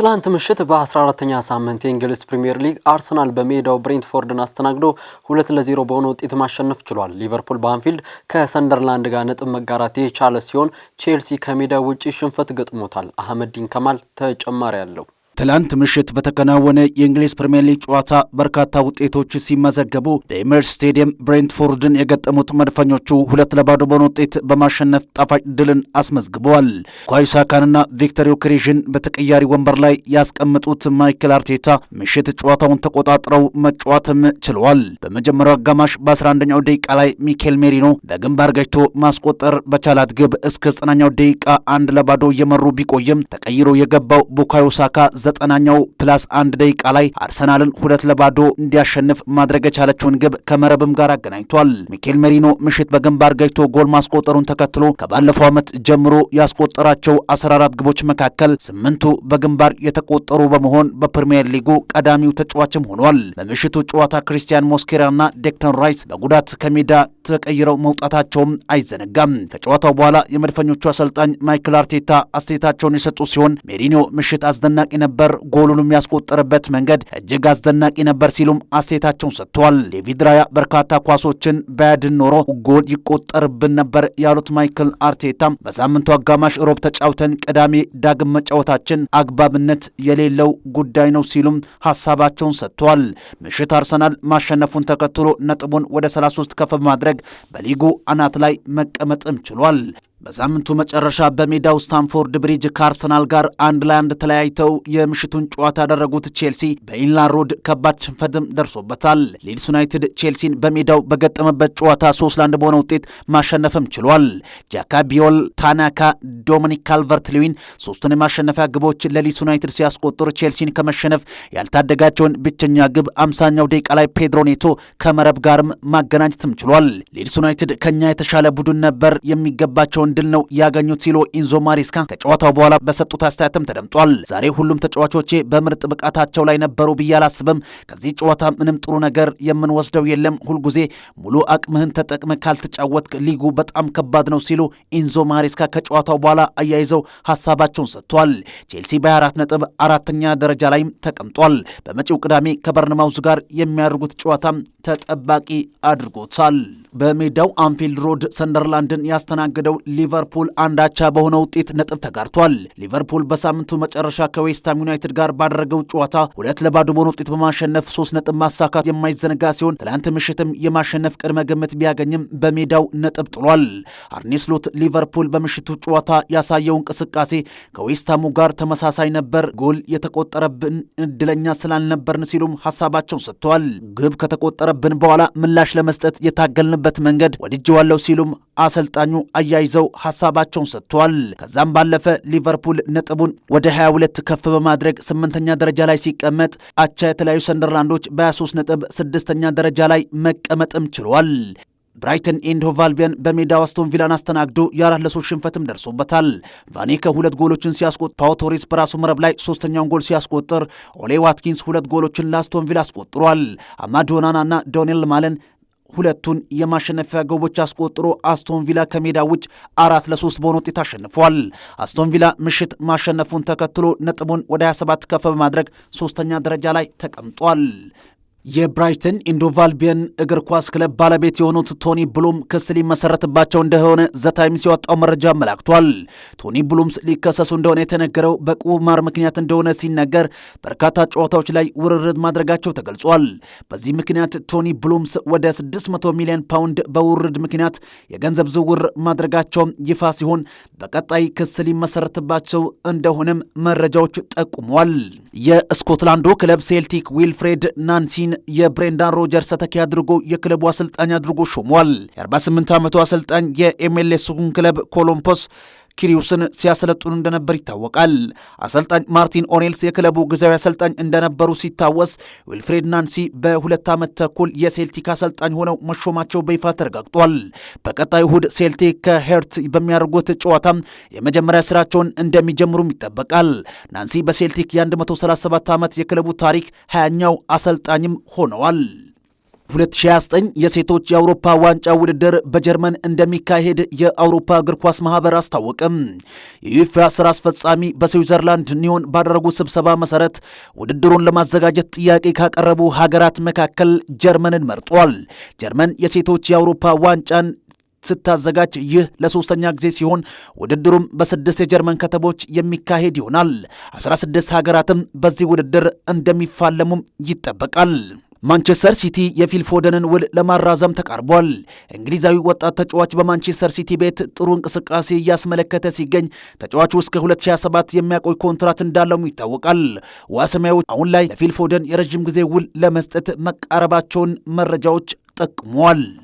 ትላንት ምሽት በ14ተኛ ሳምንት የእንግሊዝ ፕሪምየር ሊግ አርሰናል በሜዳው ብሬንትፎርድን አስተናግዶ ሁለት ለዜሮ በሆነ ውጤት ማሸነፍ ችሏል። ሊቨርፑል በአንፊልድ ከሰንደርላንድ ጋር ነጥብ መጋራት የቻለ ሲሆን ቼልሲ ከሜዳ ውጪ ሽንፈት ገጥሞታል። አህመዲን ከማል ተጨማሪ አለው። ትላንት ምሽት በተከናወነ የእንግሊዝ ፕሪምየር ሊግ ጨዋታ በርካታ ውጤቶች ሲመዘገቡ በኤምሬትስ ስቴዲየም ብሬንትፎርድን የገጠሙት መድፈኞቹ ሁለት ለባዶ በሆነ ውጤት በማሸነፍ ጣፋጭ ድልን አስመዝግበዋል። ቡካዮ ሳካንና ቪክተር ዮኬሬዥን በተቀያሪ ወንበር ላይ ያስቀምጡት ማይክል አርቴታ ምሽት ጨዋታውን ተቆጣጥረው መጫወትም ችለዋል። በመጀመሪያው አጋማሽ በ11ኛው ደቂቃ ላይ ሚኬል ሜሪኖ በግንባር ገጭቶ ማስቆጠር በቻላት ግብ እስከ 9ኛው ደቂቃ አንድ ለባዶ እየመሩ ቢቆይም ተቀይሮ የገባው ቡካዮ ሳካ ዘጠናኛው ፕላስ አንድ ደቂቃ ላይ አርሰናልን ሁለት ለባዶ እንዲያሸንፍ ማድረግ የቻለችውን ግብ ከመረብም ጋር አገናኝቷል። ሚኬል ሜሪኖ ምሽት በግንባር ገጭቶ ጎል ማስቆጠሩን ተከትሎ ከባለፈው ዓመት ጀምሮ ያስቆጠራቸው 14 ግቦች መካከል ስምንቱ በግንባር የተቆጠሩ በመሆን በፕሪምየር ሊጉ ቀዳሚው ተጫዋችም ሆኗል። በምሽቱ ጨዋታ ክሪስቲያን ሞስኬራና ዴክተን ራይስ በጉዳት ከሜዳ ተቀይረው መውጣታቸውም አይዘነጋም። ከጨዋታው በኋላ የመድፈኞቹ አሰልጣኝ ማይክል አርቴታ አስተያየታቸውን የሰጡ ሲሆን ሜሪኖ ምሽት አስደናቂ ነበር ነበር። ጎሉን የሚያስቆጠርበት መንገድ እጅግ አስደናቂ ነበር ሲሉም አስተያየታቸውን ሰጥተዋል። ዴቪድ ራያ በርካታ ኳሶችን በያድን ኖሮ ጎል ይቆጠርብን ነበር ያሉት ማይክል አርቴታ በሳምንቱ አጋማሽ ሮብ ተጫውተን ቅዳሜ ዳግም መጫወታችን አግባብነት የሌለው ጉዳይ ነው ሲሉም ሀሳባቸውን ሰጥተዋል። ምሽት አርሰናል ማሸነፉን ተከትሎ ነጥቡን ወደ 33 ከፍ በማድረግ በሊጉ አናት ላይ መቀመጥም ችሏል። በሳምንቱ መጨረሻ በሜዳው ስታንፎርድ ብሪጅ ከአርሰናል ጋር አንድ ለአንድ ተለያይተው የምሽቱን ጨዋታ ያደረጉት ቼልሲ በኢንላን ሮድ ከባድ ሽንፈትም ደርሶበታል። ሊድስ ዩናይትድ ቼልሲን በሜዳው በገጠመበት ጨዋታ ሶስት ለአንድ በሆነ ውጤት ማሸነፍም ችሏል። ጃካ ቢዮል፣ ታናካ፣ ዶሚኒክ ካልቨርት ሊዊን ሶስቱን የማሸነፊያ ግቦች ለሊድስ ዩናይትድ ሲያስቆጥር ቼልሲን ከመሸነፍ ያልታደጋቸውን ብቸኛ ግብ አምሳኛው ደቂቃ ላይ ፔድሮ ኔቶ ከመረብ ጋርም ማገናኘትም ችሏል። ሊድስ ዩናይትድ ከእኛ የተሻለ ቡድን ነበር የሚገባቸውን ያላቸውን ድል ነው ያገኙት ሲሉ ኢንዞ ማሪስካ ከጨዋታው በኋላ በሰጡት አስተያየትም ተደምጧል። ዛሬ ሁሉም ተጫዋቾቼ በምርጥ ብቃታቸው ላይ ነበሩ ብዬ አላስብም። ከዚህ ጨዋታ ምንም ጥሩ ነገር የምንወስደው የለም። ሁልጊዜ ሙሉ አቅምህን ተጠቅመ ካልተጫወት ሊጉ በጣም ከባድ ነው ሲሉ ኢንዞ ማሪስካ ከጨዋታው በኋላ አያይዘው ሀሳባቸውን ሰጥቷል። ቼልሲ በ24 ነጥብ አራተኛ ደረጃ ላይም ተቀምጧል። በመጪው ቅዳሜ ከበርንማውዝ ጋር የሚያደርጉት ጨዋታም ተጠባቂ አድርጎታል። በሜዳው አንፊልድ ሮድ ሰንደርላንድን ያስተናግደው ሊቨርፑል አንዳቻ በሆነ ውጤት ነጥብ ተጋርቷል። ሊቨርፑል በሳምንቱ መጨረሻ ከዌስትሃም ዩናይትድ ጋር ባደረገው ጨዋታ ሁለት ለባዶ በሆነ ውጤት በማሸነፍ ሶስት ነጥብ ማሳካት የማይዘነጋ ሲሆን ትላንት ምሽትም የማሸነፍ ቅድመ ግምት ቢያገኝም በሜዳው ነጥብ ጥሏል። አርኔ ስሎት ሊቨርፑል በምሽቱ ጨዋታ ያሳየው እንቅስቃሴ ከዌስትሃሙ ጋር ተመሳሳይ ነበር፣ ጎል የተቆጠረብን እድለኛ ስላልነበርን ሲሉም ሀሳባቸውን ሰጥተዋል። ግብ ከተቆጠረብን በኋላ ምላሽ ለመስጠት የታገልንበት መንገድ ወድጀዋለሁ ሲሉም አሰልጣኙ አያይዘው እንዲያደርጋቸው ሀሳባቸውን ሰጥቷል። ከዛም ባለፈ ሊቨርፑል ነጥቡን ወደ 22 ከፍ በማድረግ ስምንተኛ ደረጃ ላይ ሲቀመጥ አቻ የተለያዩ ሰንደርላንዶች በ23 ነጥብ ስድስተኛ ደረጃ ላይ መቀመጥም ችሏል። ብራይተን ኤንድ ሆቭ አልቢዮን በሜዳው አስቶን ቪላን አስተናግዶ የአራት ለሶስት ሽንፈትም ደርሶበታል። ቫኔከ ሁለት ጎሎችን ሲያስቆጥር ፓው ቶሬስ በራሱ መረብ ላይ ሶስተኛውን ጎል ሲያስቆጥር፣ ኦሌ ዋትኪንስ ሁለት ጎሎችን ለአስቶን ቪላ አስቆጥሯል። አማድ እና ዶኔል ማለን ሁለቱን የማሸነፊያ ግቦች አስቆጥሮ አስቶን ቪላ ከሜዳ ውጭ አራት ለሶስት በሆነ ውጤት አሸንፏል። አስቶን ቪላ ምሽት ማሸነፉን ተከትሎ ነጥቡን ወደ 27 ከፍ በማድረግ ሶስተኛ ደረጃ ላይ ተቀምጧል። የብራይተን ኢንዶቫልቢየን እግር ኳስ ክለብ ባለቤት የሆኑት ቶኒ ብሉም ክስ ሊመሰረትባቸው እንደሆነ ዘታይምስ ያወጣው መረጃ አመላክቷል። ቶኒ ብሉምስ ሊከሰሱ እንደሆነ የተነገረው በቁማር ምክንያት እንደሆነ ሲነገር በርካታ ጨዋታዎች ላይ ውርርድ ማድረጋቸው ተገልጿል። በዚህ ምክንያት ቶኒ ብሉምስ ወደ 600 ሚሊዮን ፓውንድ በውርርድ ምክንያት የገንዘብ ዝውውር ማድረጋቸውም ይፋ ሲሆን በቀጣይ ክስ ሊመሰረትባቸው እንደሆነም መረጃዎች ጠቁመዋል። የስኮትላንዱ ክለብ ሴልቲክ ዊልፍሬድ ናንሲን የብሬንዳን ሮጀርስ ተተኪ አድርጎ የክለቡ አሰልጣኝ አድርጎ ሾሟል። የ48 ዓመቱ አሰልጣኝ የኤምኤልኤሱን ክለብ ኮሎምፖስ ኪሪዩስን ሲያሰለጥኑ እንደነበር ይታወቃል። አሰልጣኝ ማርቲን ኦኔልስ የክለቡ ጊዜያዊ አሰልጣኝ እንደነበሩ ሲታወስ፣ ዊልፍሬድ ናንሲ በሁለት ዓመት ተኩል የሴልቲክ አሰልጣኝ ሆነው መሾማቸው በይፋ ተረጋግጧል። በቀጣይ እሁድ ሴልቲክ ከሄርት በሚያደርጉት ጨዋታ የመጀመሪያ ስራቸውን እንደሚጀምሩም ይጠበቃል። ናንሲ በሴልቲክ የ137 ዓመት የክለቡ ታሪክ 20ኛው አሰልጣኝም ሆነዋል። 2029 የሴቶች የአውሮፓ ዋንጫ ውድድር በጀርመን እንደሚካሄድ የአውሮፓ እግር ኳስ ማህበር አስታወቀም። የዩፋ ስራ አስፈጻሚ በስዊዘርላንድ ኒዮን ባደረጉ ስብሰባ መሰረት ውድድሩን ለማዘጋጀት ጥያቄ ካቀረቡ ሀገራት መካከል ጀርመንን መርጧል። ጀርመን የሴቶች የአውሮፓ ዋንጫን ስታዘጋጅ ይህ ለሶስተኛ ጊዜ ሲሆን ውድድሩም በስድስት የጀርመን ከተሞች የሚካሄድ ይሆናል። 16 ሀገራትም በዚህ ውድድር እንደሚፋለሙም ይጠበቃል። ማንቸስተር ሲቲ የፊል ፎደንን ውል ለማራዘም ተቃርቧል። እንግሊዛዊ ወጣት ተጫዋች በማንቸስተር ሲቲ ቤት ጥሩ እንቅስቃሴ እያስመለከተ ሲገኝ ተጫዋቹ እስከ 2027 የሚያቆይ ኮንትራት እንዳለውም ይታወቃል። ዋሰማያዎች አሁን ላይ ለፊል ፎደን የረዥም ጊዜ ውል ለመስጠት መቃረባቸውን መረጃዎች ጠቅሟል።